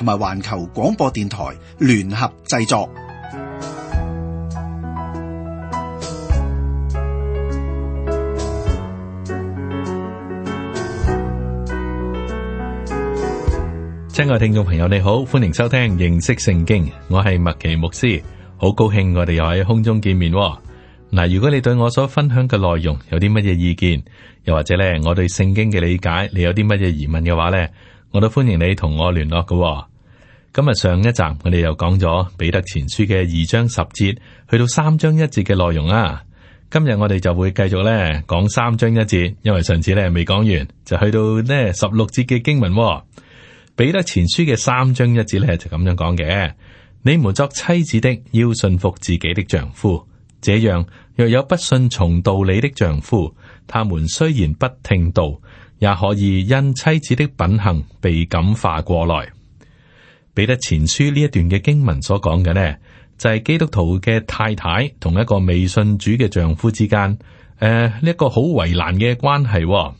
同埋環球廣播電台聯合製作，親愛的聽眾朋友你好，歡迎收聽認識聖經，我係麥奇牧師，好高興我哋又喺空中見面。嗱，如果你對我所分享嘅內容有啲乜嘢意見，又或者咧我對聖經嘅理解，你有啲乜嘢疑問嘅話咧，我都歡迎你同我聯絡㗎。今日上一集我哋又講咗彼得前書嘅二章十節，去到三章一節嘅內容啊。今日我哋就會繼續咧講三章一節，因為上次咧未講完，就去到呢十六節嘅經文啊。彼得前書嘅三章一節咧就咁樣講嘅：你們作妻子的要順服自己的丈夫，這樣若有不信從道理的丈夫，他們雖然不聽道，也可以因妻子的品行被感化過來。彼得前書呢一段嘅經文所講嘅呢，就係、是、基督徒嘅太太同一個未信主嘅丈夫之間，誒、呃、呢一個好為難嘅關係、哦。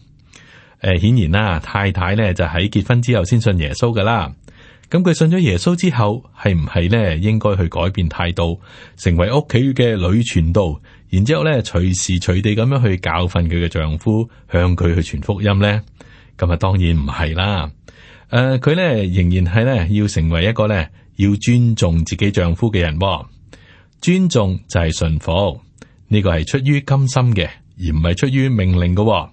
誒、呃，顯然啦、啊，太太呢就喺結婚之後先信耶穌噶啦。咁佢信咗耶穌之後，係唔係呢應該去改變態度，成為屋企嘅女傳道，然之後呢隨時隨地咁樣去教訓佢嘅丈夫，向佢去傳福音呢？咁啊，當然唔係啦。誒，佢咧、uh，仍然係咧要成為一個咧要尊重自己丈夫嘅人，尊重就係信服，呢個係出於甘心嘅，而唔係出於命令嘅。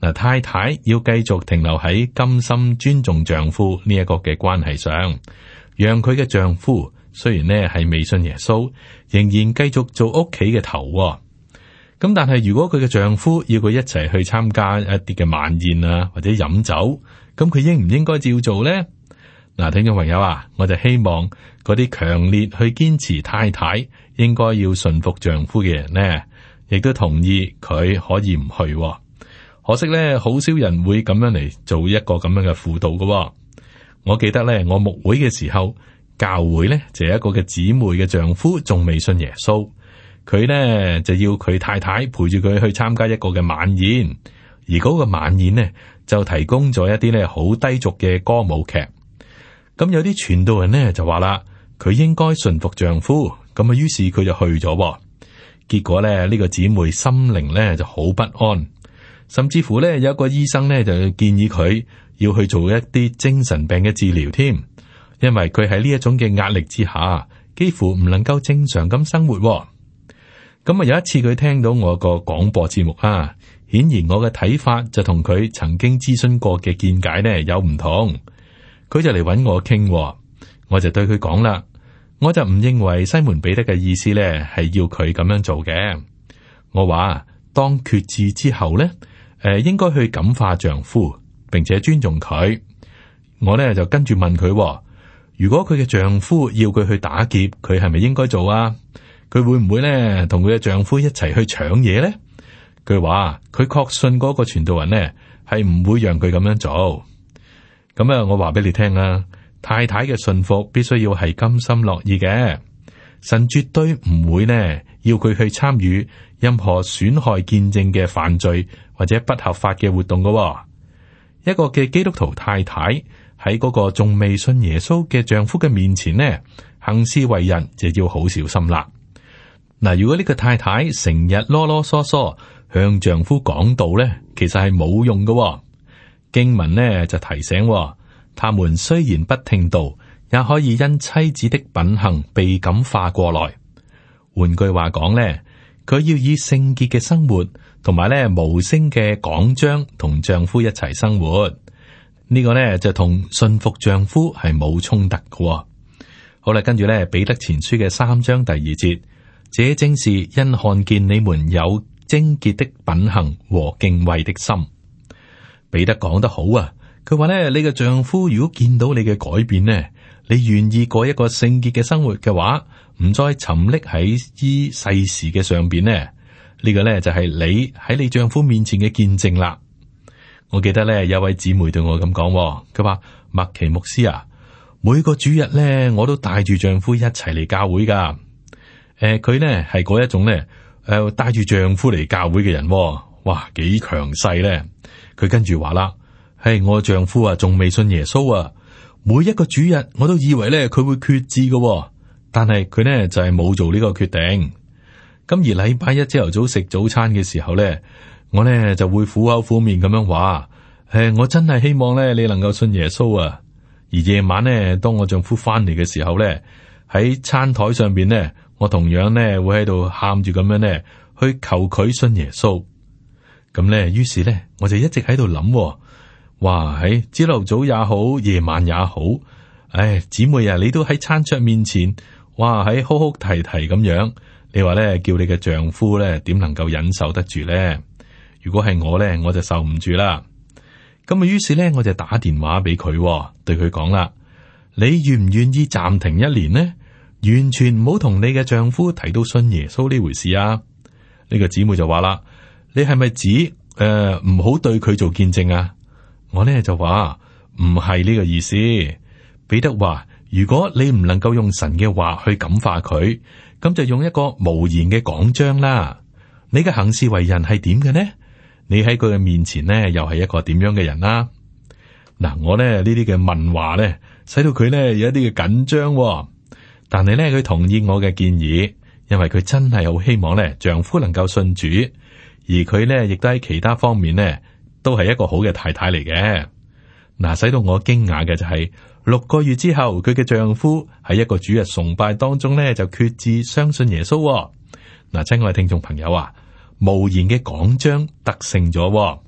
嗱，太太要繼續停留喺甘心尊重丈夫呢一個嘅關係上，讓佢嘅丈夫雖然呢係未信耶穌，仍然繼續做屋企嘅頭。咁但係如果佢嘅丈夫要佢一齊去參加一啲嘅晚宴啊，或者飲酒。咁佢應唔應該照做呢？嗱，聽眾朋友啊，我就希望嗰啲強烈去堅持太太應該要順服丈夫嘅人呢，亦都同意佢可以唔去喎。可惜咧，好少人會咁樣嚟做一個咁樣嘅輔導㗎喎。我記得咧，我牧會嘅時候，教會咧就係、一個嘅姊妹嘅丈夫仲未信耶穌，佢咧就要佢太太陪住佢去參加一個嘅晚宴，而嗰個晚宴呢。就提供咗一啲咧好低俗嘅歌舞劇，咁有啲傳道人呢，就話啦，佢應該順服丈夫，咁啊，於是佢就去咗，結果咧呢個姐妹心靈咧就好不安，甚至乎咧有一個醫生咧就建議佢要去做一啲精神病嘅治療添，因為佢喺呢一種嘅壓力之下，幾乎唔能夠正常咁生活。咁啊，有一次佢聽到我個廣播節目啊。顯然我嘅睇法，就同佢曾經諮詢過嘅見解呢有唔同，佢就嚟搵我傾，哦，我就對佢講啦，我就唔認為西門彼得嘅意思呢係要佢咁樣做嘅。我話當決志之後呢，誒，應該去感化丈夫，並且尊重佢。我呢就跟住問佢，哦，「如果佢嘅丈夫要佢去打劫，佢係咪應該做啊？佢會唔會呢同佢嘅丈夫一齊去搶嘢呢？」佢話，佢確信嗰個傳道人呢係唔會讓佢咁樣做。咁啊，我話俾你聽啊，太太嘅信服必須要係甘心樂意嘅。神絕對唔會呢要佢去參與任何損害見證嘅犯罪或者不合法嘅活動噶。一個嘅基督徒太太喺嗰個仲未信耶穌嘅丈夫嘅面前呢，行事為人就要好小心啦。嗱，如果呢個太太成日囉囉嗦嗦。向丈夫講道咧，其實係冇用嘅、哦、經文呢就提醒、哦，他們雖然不聽道，也可以因妻子的品行被感化過來。換句話講咧，佢要以聖潔嘅生活，同埋咧無聲嘅講章，同丈夫一齊生活。這個、呢個咧就同信服丈夫係冇衝突嘅。好啦，跟住咧彼得前書嘅三章第二節，這正是因看見你們有，貞潔的品行和敬畏的心，彼得講得好啊！佢話咧，你嘅丈夫如果見到你嘅改變呢，你願意過一個聖潔嘅生活嘅話，唔再沉溺喺依世事嘅上邊呢？呢、這個咧就係你喺你丈夫面前嘅見證啦。我記得咧有位姊妹對我咁講，佢話麥奇牧師啊，每個主日咧我都帶住丈夫一齊嚟教會噶。誒、呃，佢呢，係嗰一種咧。誒，帶住丈夫嚟教會嘅人，哇，幾強勢咧！佢跟住話啦：，係、hey, 我丈夫啊，仲未信耶穌啊！每一個主日，我都以為咧佢會決志嘅、啊，但係佢咧就係、是、冇做呢個決定。咁而禮拜一朝頭早食早餐嘅時候咧，我咧就會苦口苦面咁樣話：，誒、hey,，我真係希望咧你能夠信耶穌啊！而夜晚咧，當我丈夫翻嚟嘅時候咧。喺餐台上邊咧，我同樣咧會喺度喊住咁樣咧，去求佢信耶穌。咁咧，於是咧，我就一直喺度諗，哇喺朝頭早也好，夜晚也好，唉、哎，姊妹啊，你都喺餐桌面前，哇喺哭哭啼啼咁樣，你話咧叫你嘅丈夫咧點能夠忍受得住咧？如果係我咧，我就受唔住啦。咁啊，於是咧，我就打電話俾佢，對佢講啦。你願唔願意暫停一年呢？完全唔好同你嘅丈夫提到信耶穌呢回事啊！呢個姊妹就話啦：，你係咪指誒唔好對佢做見證啊？我呢就話唔係呢個意思。彼得話：，如果你唔能夠用神嘅話去感化佢，咁就用一個無言嘅講章啦。你嘅行事為人係點嘅呢？你喺佢嘅面前呢，又係一個點樣嘅人啦、啊？嗱、啊，我咧呢啲嘅問話咧，使到佢咧有一啲嘅緊張，但係咧佢同意我嘅建議，因為佢真係好希望咧丈夫能夠信主，而佢咧亦都喺其他方面咧都係一個好嘅太太嚟嘅。嗱、啊，使到我驚訝嘅就係、是、六個月之後，佢嘅丈夫喺一個主日崇拜當中咧就決志相信耶穌、哦。嗱、啊，親愛嘅聽眾朋友啊，無言嘅講章得勝咗、哦。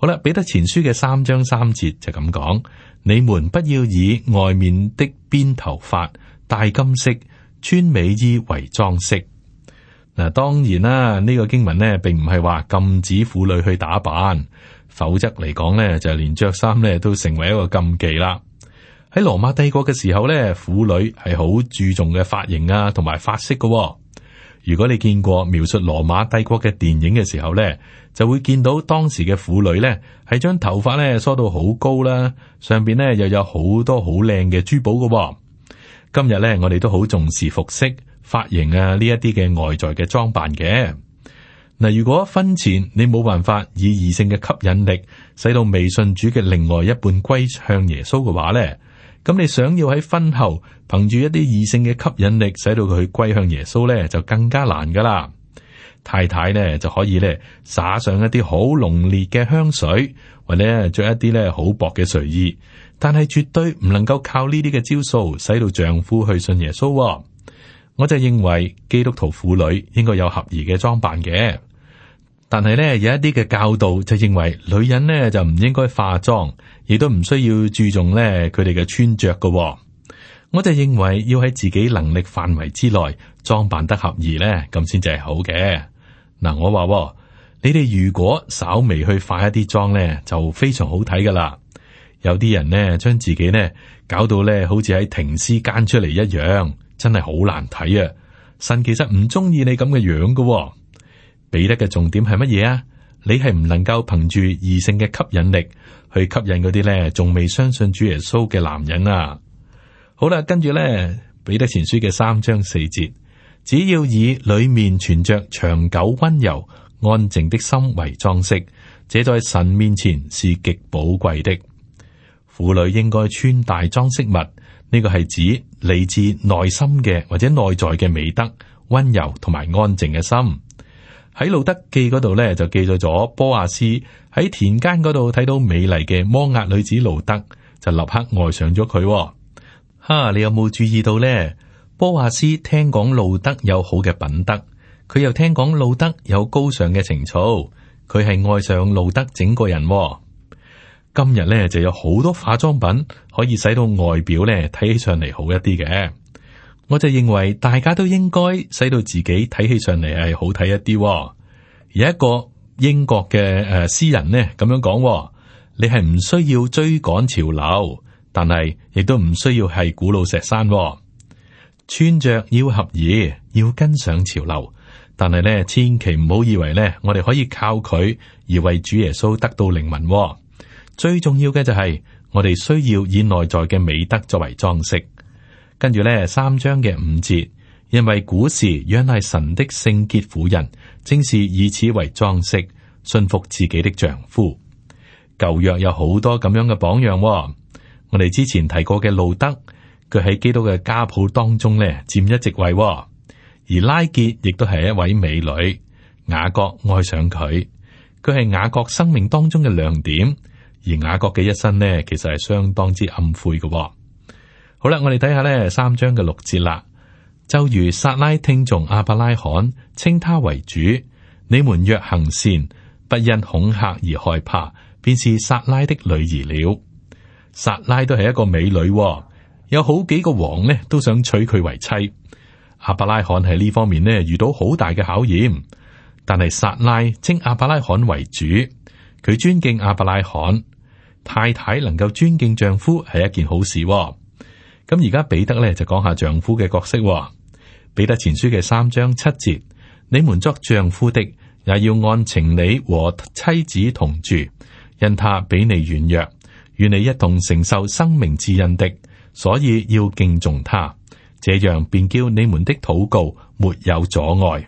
好啦，彼得前書嘅三章三節就咁講： 你們不要以外面的辮頭髮、戴金飾、穿美衣為裝飾。嗱，當然啦，呢個經文呢並唔係話禁止婦女去打扮，否則嚟講呢，就係連着衫呢都成為一個禁忌啦。喺羅馬帝國嘅時候呢，婦女係好注重嘅髮型啊，同埋髮式嘅。如果你見過描述羅馬帝國嘅電影嘅時候呢，就會見到當時嘅婦女呢係將頭髮呢梳到好高啦，上邊呢又有好多好靚嘅珠寶噶今日呢，我哋都好重視服飾、髮型啊呢一啲嘅外在嘅裝扮嘅。嗱，如果婚前你冇辦法以異性嘅吸引力使到未信主嘅另外一半歸向耶穌嘅話呢。咁你想要喺婚後憑住一啲異性嘅吸引力，使到佢去歸向耶穌咧，就更加難㗎喇。太太咧就可以咧灑上一啲好濃烈嘅香水，或者着一啲咧好薄嘅睡衣。但係絕對唔能夠靠呢啲嘅招數，使到丈夫去信耶穌喎。我就認為基督徒婦女應該有合宜嘅裝扮嘅。但係咧有一啲嘅教導就認為，女人咧就唔應該化妝。亦都唔需要注重咧佢哋嘅穿着噶、哦，我就認為要喺自己能力範圍之內裝扮得合宜咧，咁先至係好嘅。嗱，我話、哦、你哋如果稍微去化一啲妝咧，就非常好睇噶啦。有啲人咧將自己咧搞到咧好似喺停屍間出嚟一樣，真係好難睇啊！神其實唔中意你咁嘅樣噶、哦，彼得嘅重點係乜嘢啊？你係唔能夠憑住異性嘅吸引力去吸引嗰啲咧，仲未相信主耶穌嘅男人啊！好啦，跟住咧彼得前書嘅三章四節，只要以裏面存着長久溫柔安靜的心為裝飾，這在神面前是極寶貴的。婦女應該穿戴裝飾物，呢、這個係指嚟自內心嘅或者內在嘅美德、溫柔同埋安靜嘅心。喺路德記嗰度咧，就記載咗波亞斯喺田間嗰度睇到美麗嘅摩押女子路德，就立刻愛上咗佢。哈、啊，你有冇注意到呢？波亞斯聽講路德有好嘅品德，佢又聽講路德有高尚嘅情操，佢係愛上路德整個人。今日咧就有好多化妝品可以使到外表咧睇起上嚟好一啲嘅。我就認為大家都應該使到自己睇起上嚟係好睇一啲，哦。而一個英國嘅誒詩人呢咁樣講，哦，你係唔需要追趕潮流，但係亦都唔需要係古老石山，哦。穿着要合宜，要跟上潮流，但係呢，千祈唔好以為呢，我哋可以靠佢而為主耶穌得到靈魂，哦。最重要嘅就係我哋需要以內在嘅美德作為裝飾。跟住咧，三章嘅五節，因為古時仰賴神的聖潔婦人，正是以此為裝飾，順服自己的丈夫。舊約有好多咁樣嘅榜樣、哦，我哋之前提過嘅路德，佢喺基督嘅家譜當中咧佔一席位、哦，而拉結亦都係一位美女，雅各愛上佢，佢係雅各生命當中嘅亮點，而雅各嘅一生呢，其實係相當之暗晦嘅、哦。好啦，我哋睇下咧三章嘅六節啦。就如撒拉聽從亞伯拉罕，稱他為主，你們若行善，不因恐嚇而害怕，便是撒拉的女兒了。撒拉都係一個美女喎，有好幾個王呢都想娶佢為妻。亞伯拉罕喺呢方面呢遇到好大嘅考驗，但係撒拉稱亞伯拉罕為主，佢尊敬亞伯拉罕，太太能夠尊敬丈夫係一件好事喎。咁而家彼得咧就講下丈夫嘅角色。彼得前書嘅三章七節，你們作丈夫的，也要按情理和妻子同住，因他比你軟弱，與你一同承受生命之恩的，所以要敬重他。這樣便叫你們的禱告沒有阻礙。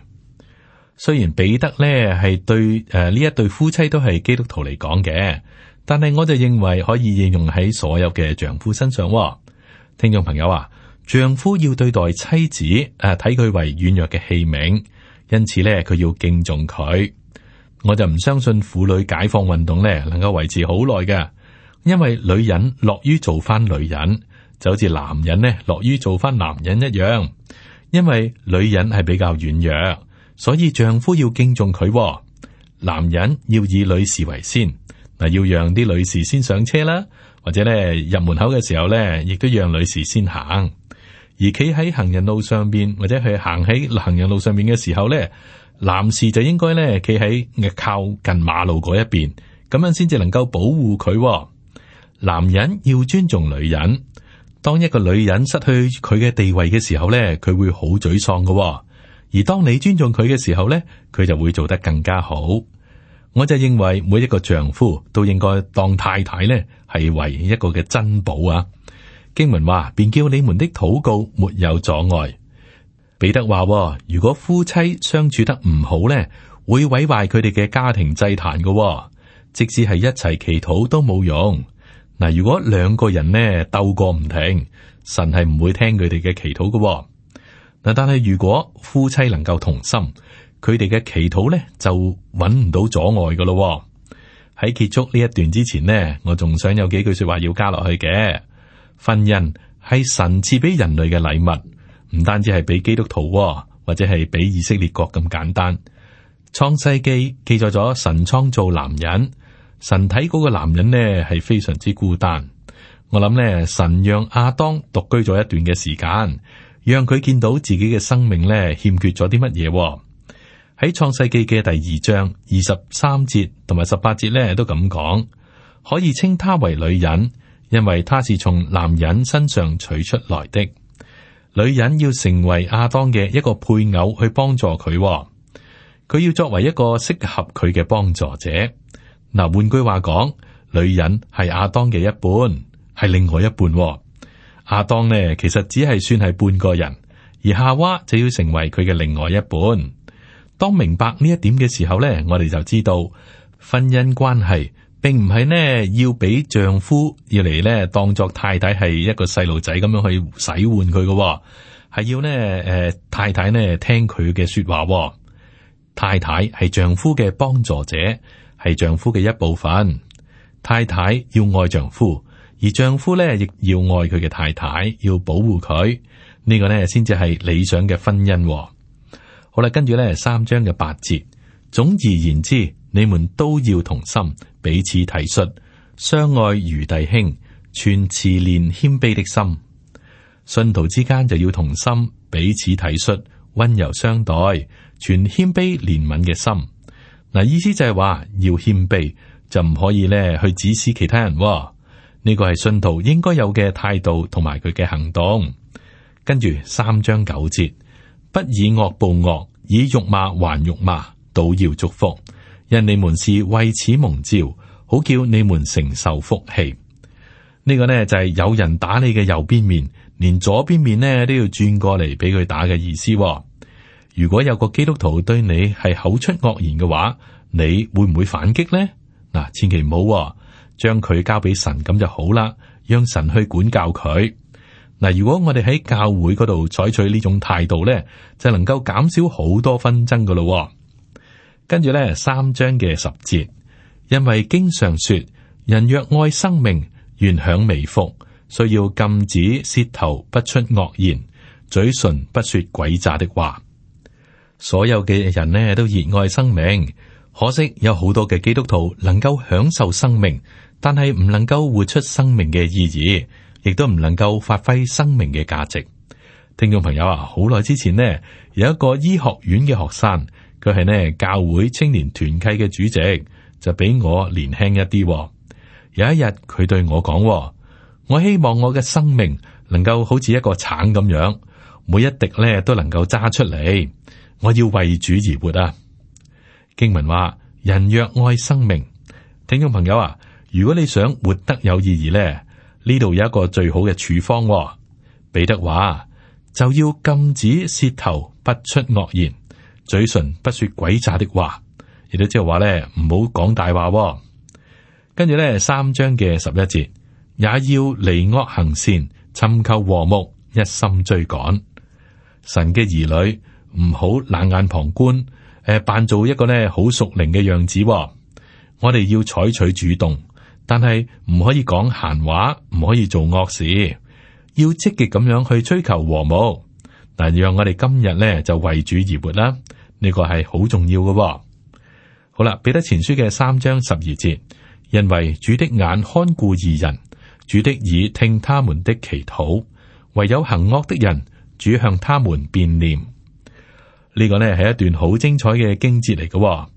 雖然彼得呢，係對誒呢一對夫妻都係基督徒嚟講嘅，但係我就認為可以應用喺所有嘅丈夫身上。聽眾朋友啊，丈夫要對待妻子，誒睇佢為軟弱嘅器皿，因此咧佢要敬重佢。我就唔相信婦女解放運動咧能夠維持好耐嘅，因為女人樂於做翻女人，就好似男人咧樂於做翻男人一樣。因為女人係比較軟弱，所以丈夫要敬重佢哦。男人要以女士為先，嗱要讓啲女士先上車啦。或者咧入門口嘅時候咧，亦都讓女士先行。而企喺行人路上邊，或者去行喺行人路上面嘅時候咧，男士就應該咧企喺靠近馬路嗰一邊，咁樣先至能夠保護佢。男人要尊重女人。當一個女人失去佢嘅地位嘅時候咧，佢會好沮喪㗎。而當你尊重佢嘅時候咧，佢就會做得更加好。我就認為每一個丈夫都應該當太太咧。係為一個嘅珍寶啊！經文話，便叫你們的禱告沒有阻礙。彼得話，如果夫妻相處得唔好咧，會毀壞佢哋嘅家庭祭壇嘅，哦，即使係一齊祈禱都冇用。嗱，如果兩個人呢鬥過唔停，神係唔會聽佢哋嘅祈禱嘅。嗱，但係如果夫妻能夠同心，佢哋嘅祈禱咧就揾唔到阻礙噶咯。喺結束呢一段之前呢，我仲想有幾句說話要加落去嘅。婚姻係神賜俾人類嘅禮物，唔單止係俾基督徒、哦、或者係俾以色列國咁簡單。創世記記載咗神創造男人，神睇嗰個男人呢係非常之孤單。我諗呢，神讓亞當獨居咗一段嘅時間，讓佢見到自己嘅生命呢欠缺咗啲乜嘢。喺創世記嘅第二章二十三節同埋十八節咧，都咁講，可以稱她為女人，因為她是從男人身上取出來的。女人要成為亞當嘅一個配偶去幫、哦，去幫助佢。佢要作為一個適合佢嘅幫助者。嗱，換句話講，女人係亞當嘅一半，係另外一半、哦。亞當呢，其實只係算係半個人，而夏娃就要成為佢嘅另外一半。當明白呢一點嘅時候呢，我哋就知道婚姻關係並唔係呢要俾丈夫要嚟呢當作太太係一個細路仔咁樣去使喚佢嘅，係要呢誒、呃、太太呢聽佢嘅說話、哦。太太係丈夫嘅幫助者，係丈夫嘅一部分。太太要愛丈夫，而丈夫呢亦要愛佢嘅太太，要保護佢。呢、呢個呢先至係理想嘅婚姻、哦。好啦，跟住咧三章嘅八節，總而言之，你們都要同心，彼此體恤，相愛如弟兄，存慈憐謙卑的心。信徒之間就要同心，彼此體恤，溫柔相待，存謙卑憐憫嘅心。嗱，意思就係話，要謙卑就唔可以咧去指使其他人喎。呢個係信徒應該有嘅態度同埋佢嘅行動。跟住三章九節。不以惡報惡，以辱罵還辱罵，倒要祝福。因你們是為此蒙召，好叫你們承受福氣。呢個呢，就係有人打你嘅右邊面，連左邊面呢都要轉過嚟俾佢打嘅意思。如果有個基督徒對你係口出惡言嘅話，你會唔會反擊呢？嗱，千祈唔好，將佢交俾神咁就好啦，讓神去管教佢。嗱，如果我哋喺教會嗰度採取呢種態度咧，就能夠減少好多紛爭噶咯。跟住咧，三章嘅十節，因為經上說，人若愛生命，願享美福，需要禁止舌頭不出惡言，嘴唇不說詭詐的話。所有嘅人咧都熱愛生命，可惜有好多嘅基督徒能夠享受生命，但係唔能夠活出生命嘅意義。亦都唔能夠發揮生命嘅價值。聽眾朋友啊，好耐之前呢，有一個醫學院嘅學生，佢係呢教會青年團契嘅主席，就比我年輕一啲。有一日佢對我講：我希望我嘅生命能夠好似一個橙咁樣，每一滴呢都能夠揸出嚟。我要為主而活啊！經文話：人若愛生命，聽眾朋友啊，如果你想活得有意義呢。呢度有一個最好嘅處方，哦，彼得話就要禁止舌頭不出惡言，嘴唇不說詭詐的話，亦都即係話咧唔好講大話，哦。跟住咧三章嘅十一節，也要離惡行善，尋求和睦，一心追趕神嘅兒女，唔好冷眼旁觀，誒、呃、扮做一個咧好屬靈嘅樣子，哦。我哋要採取主動。但係唔可以講閒話，唔可以做惡事，要積極咁樣去追求和睦。但讓我哋今日咧就為主而活啦，呢個係好重要噶、哦。好啦，彼得前書嘅三章十二節，因為主的眼看顧義人，主的耳聽他們的祈禱，唯有行惡的人，主向他們變臉。呢個呢，係一段好精彩嘅經節嚟噶。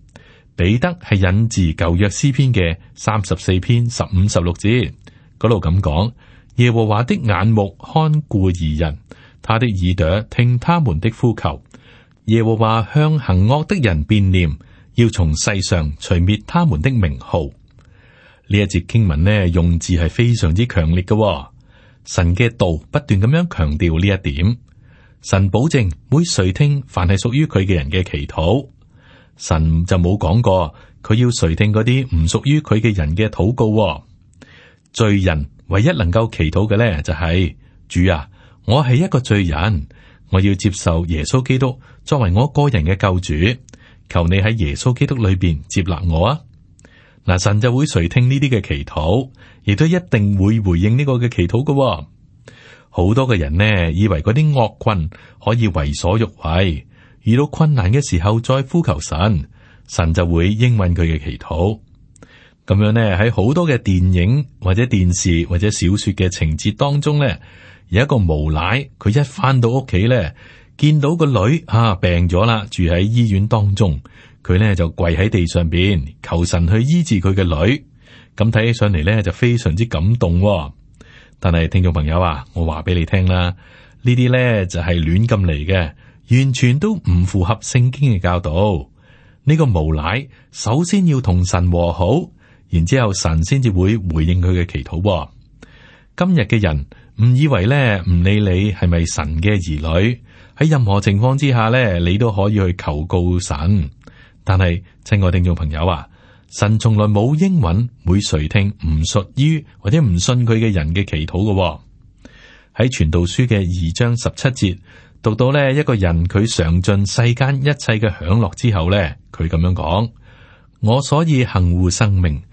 彼得係引自舊約詩篇嘅三十四篇十五十六節，嗰度咁講：耶和華的眼目看顧義人，他的耳朵聽他們的呼求。耶和華向行惡的人變臉，要從世上除滅他們的名號。呢一節經文呢，用字係非常之強烈噶、哦。神嘅道不斷咁樣強調呢一點，神保證每誰聽凡屬於的的，凡係屬於佢嘅人嘅祈禱。神就冇講過佢要垂聽嗰啲唔屬於佢嘅人嘅禱告、哦，罪人唯一能夠祈禱嘅咧就係、是、主啊，我係一個罪人，我要接受耶穌基督作為我個人嘅救主，求你喺耶穌基督裏邊接納我啊！嗱，神就會垂聽呢啲嘅祈禱，亦都一定會回應呢個嘅祈禱嘅、哦。好多嘅人呢，以為嗰啲惡棍可以為所欲為。遇到困難嘅時候再呼求神，神就會應允佢嘅祈禱。咁樣呢，喺好多嘅電影或者電視或者小說嘅情節當中呢，有一個無賴，佢一翻到屋企咧，見到個女啊病咗啦，住喺醫院當中，佢呢就跪喺地上邊求神去醫治佢嘅女。咁睇起上嚟呢，就非常之感動、哦。但係聽眾朋友啊，我話俾你聽啦，呢啲咧就係、是、亂咁嚟嘅。完全都唔符合聖經嘅教導。呢個無賴首先要同神和好，然之後神先至會回應佢嘅祈禱。今日嘅人唔以為咧，唔理你係咪神嘅兒女，喺任何情況之下咧，你都可以去求告神。但係，親愛聽眾朋友啊，神從來冇應允會垂聽唔屬於或者唔信佢嘅人嘅祈禱嘅。喺傳道書嘅二章十七節。讀到呢一個人佢嘗盡世間一切嘅享樂之後呢，佢咁樣講：我所以恨惡生命，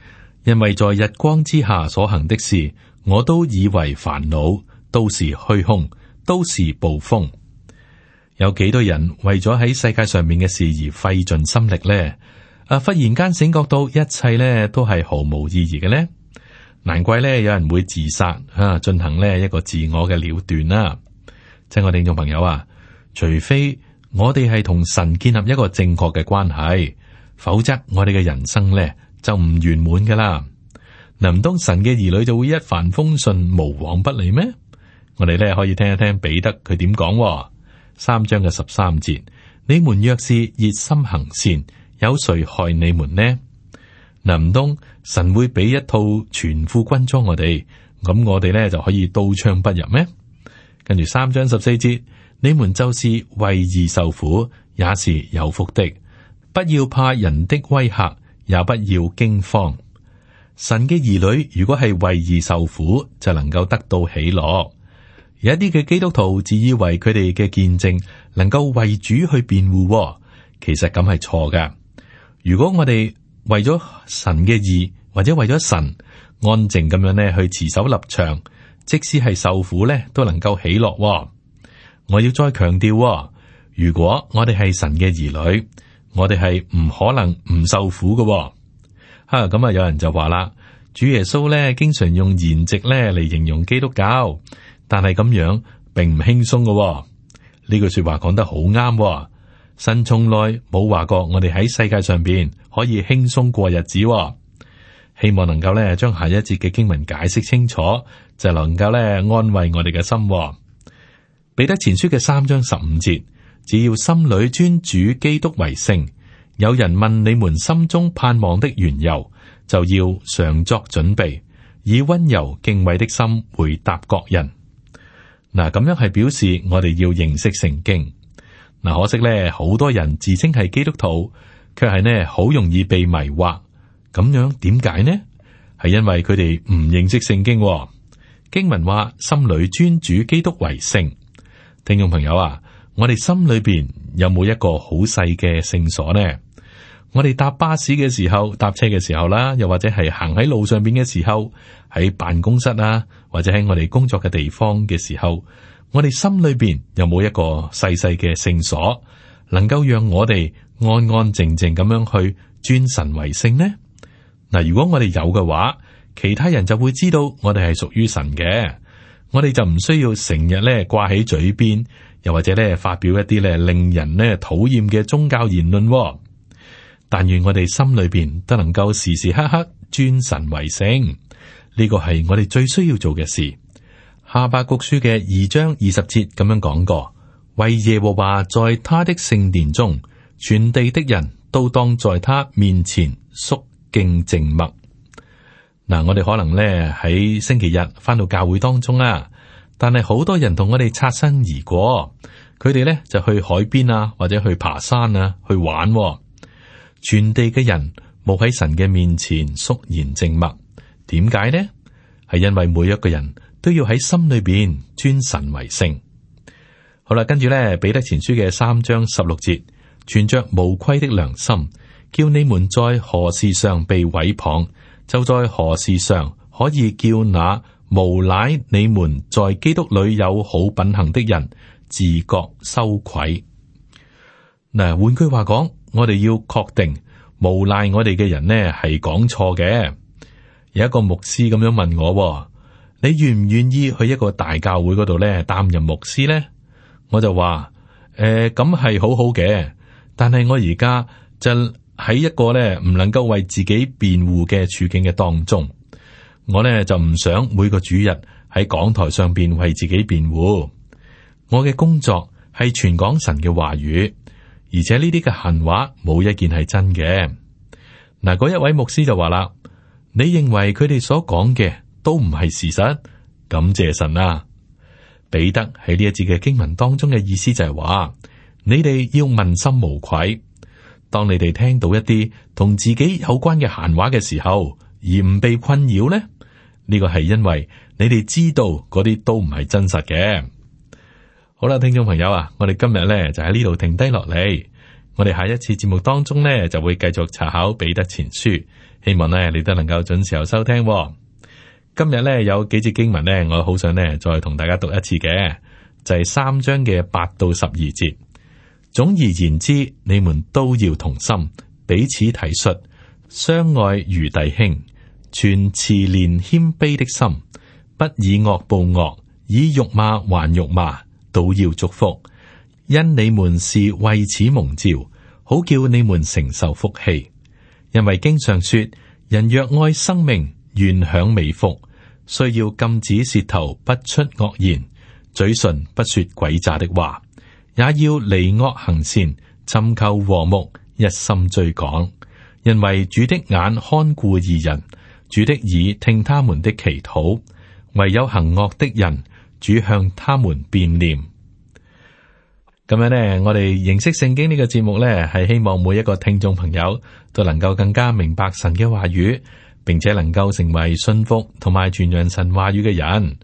因為在日光之下所行的事，我都以為煩惱都是虛空，都是捕風。有幾多人為咗喺世界上面嘅事而費盡心力呢？啊！忽然間醒覺到一切呢都係毫無意義嘅呢。難怪呢有人會自殺啊！進行呢一個自我嘅了斷啦。即係我哋聽眾朋友啊，除非我哋係同神建立一個正確嘅關係，否則我哋嘅人生咧就唔圓滿噶啦。嗱，唔通神嘅兒女就會一帆風順、無往不利咩？我哋咧可以聽一聽彼得佢點講，三章嘅十三節，你們若是熱心行善，有誰害你們呢？嗱，唔通神會俾一套全副軍裝我哋，咁我哋咧就可以刀槍不入咩？跟住三章十四節，你們就是為義受苦，也是有福的。不要怕人的威嚇，也不要驚慌。神嘅兒女如果係為義受苦，就能夠得到喜樂。有一啲嘅基督徒自以為佢哋嘅見證能夠為主去辯護，其實咁係錯㗎。如果我哋為咗神嘅義，或者為咗神，安靜咁樣咧，去持守立場。即使係受苦咧，都能夠喜樂。我要再強調，如果我哋係神嘅兒女，我哋係唔可能唔受苦嘅。哈咁啊，有人就話啦，主耶穌咧，經常用筵席咧嚟形容基督教，但係咁樣並唔輕鬆嘅。呢句說話講得好啱，神從來冇話過我哋喺世界上邊可以輕鬆過日子。希望能夠咧將下一節嘅經文解釋清楚，就能夠咧安慰我哋嘅心。彼得前書嘅三章十五節，只要心裏尊主基督為聖，有人問你們心中盼望的緣由，就要常作準備，以温柔敬畏的心回答各人。嗱，咁樣係表示我哋要認識聖經。嗱，可惜呢，好多人自稱係基督徒，卻係呢，好容易被迷惑。咁樣點解呢？係因為佢哋唔認識聖經經文話，心裏尊主基督為聖。聽眾朋友啊，我哋心裏邊有冇一個好細嘅聖所呢？我哋搭巴士嘅時候，搭車嘅時候啦，又或者係行喺路上邊嘅時候，喺辦公室啊，或者喺我哋工作嘅地方嘅時候，我哋心裏邊有冇一個細細嘅聖所，能夠讓我哋安安靜靜咁樣去尊神為聖呢？嗱，如果我哋有嘅話，其他人就會知道我哋係屬於神嘅。我哋就唔需要成日咧掛喺嘴邊，又或者咧發表一啲咧令人咧討厭嘅宗教言論，哦。但願我哋心裏邊都能夠時時刻刻尊神為聖，呢、這個係我哋最需要做嘅事。哈巴谷書嘅二章二十節咁樣講過，惟耶和華在他的聖殿中，全地的人都當在他面前肅靜敬靜默。嗱、啊，我哋可能咧喺星期日返到教會當中啊，但係好多人同我哋擦身而過，佢哋咧就去海邊啊，或者去爬山啊，去玩，啊。全地嘅人冇喺神嘅面前肅然靜默，點解呢？係因為每一個人都要喺心裏邊尊神為聖。好啦，跟住咧，彼得前書嘅三章十六節，存着無虧的良心。叫你們在何事上被毀謗，就在何事上可以叫那誣賴你們在基督裏有好品行的人自覺羞愧。嗱，換句話講，我哋要確定誣賴我哋嘅人呢，係講錯嘅。有一個牧師咁樣問我：，你願唔願意去一個大教會嗰度呢？擔任牧師呢，我就話：，誒、欸，咁係好好嘅，但係我而家就。喺一個咧唔能夠為自己辯護嘅處境嘅當中，我呢就唔想每個主日喺講台上邊為自己辯護。我嘅工作係傳講神嘅話語，而且呢啲嘅閒話冇一件係真嘅。嗱，嗰一位牧師就話啦：，你認為佢哋所講嘅都唔係事實？感謝神啊！彼得喺呢一節嘅經文當中嘅意思就係話：，你哋要問心無愧。當你哋聽到一啲同自己有關嘅閒話嘅時候，而唔被困擾呢，呢個係因為你哋知道嗰啲都唔係真實嘅。好啦，聽眾朋友啊，我哋今日呢就喺呢度停低落嚟，我哋下一次節目當中呢，就會繼續查考彼得前書，希望呢你都能夠準時候收聽哦。今日呢，有幾節經文呢，我好想呢再同大家讀一次嘅，就係三章嘅八到十二節。總而言之，你們都要同心，彼此體恤，相愛如弟兄，存慈憐謙卑的心，不以惡報惡，以辱罵還辱罵，都要祝福，因你們是為此蒙召，好叫你們承受福氣。因為經上說：人若愛生命，願享美福，需要禁止舌頭不出惡言，嘴唇不說詭詐的話。也要離惡行善，尋求和睦，一心追趕。因為主的眼看顧義人，主的耳聽他們的祈禱。唯有行惡的人，主向他們變臉。咁樣呢，我哋認識聖經呢個節目呢，係希望每一個聽眾朋友都能夠更加明白神嘅話語，並且能夠成為信服同埋傳揚神話語嘅人。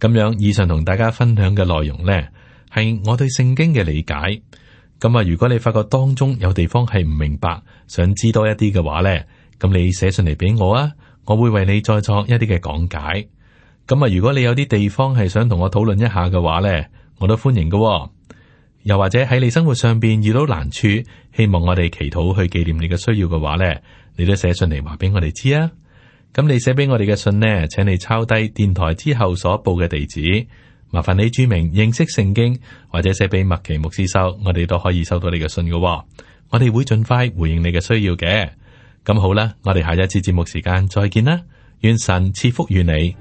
咁樣以上同大家分享嘅內容呢。係我對聖經嘅理解，咁啊，如果你發覺當中有地方係唔明白，想知多一啲嘅話呢，咁你寫信嚟俾我啊，我會為你再作一啲嘅講解。咁啊，如果你有啲地方係想同我討論一下嘅話呢，我都歡迎㗎喎。又或者喺你生活上邊遇到難處，希望我哋祈禱去紀念你嘅需要嘅話呢，你都寫信嚟話俾我哋知啊。咁你寫俾我哋嘅信呢，請你抄低電台之後所報嘅地址。麻煩你注明認識聖經，或者寫俾麥奇牧師收，我哋都可以收到你嘅信嘅，哦。我哋會盡快回應你嘅需要嘅。咁好啦，我哋下一次節目時間再見啦，願神賜福於你。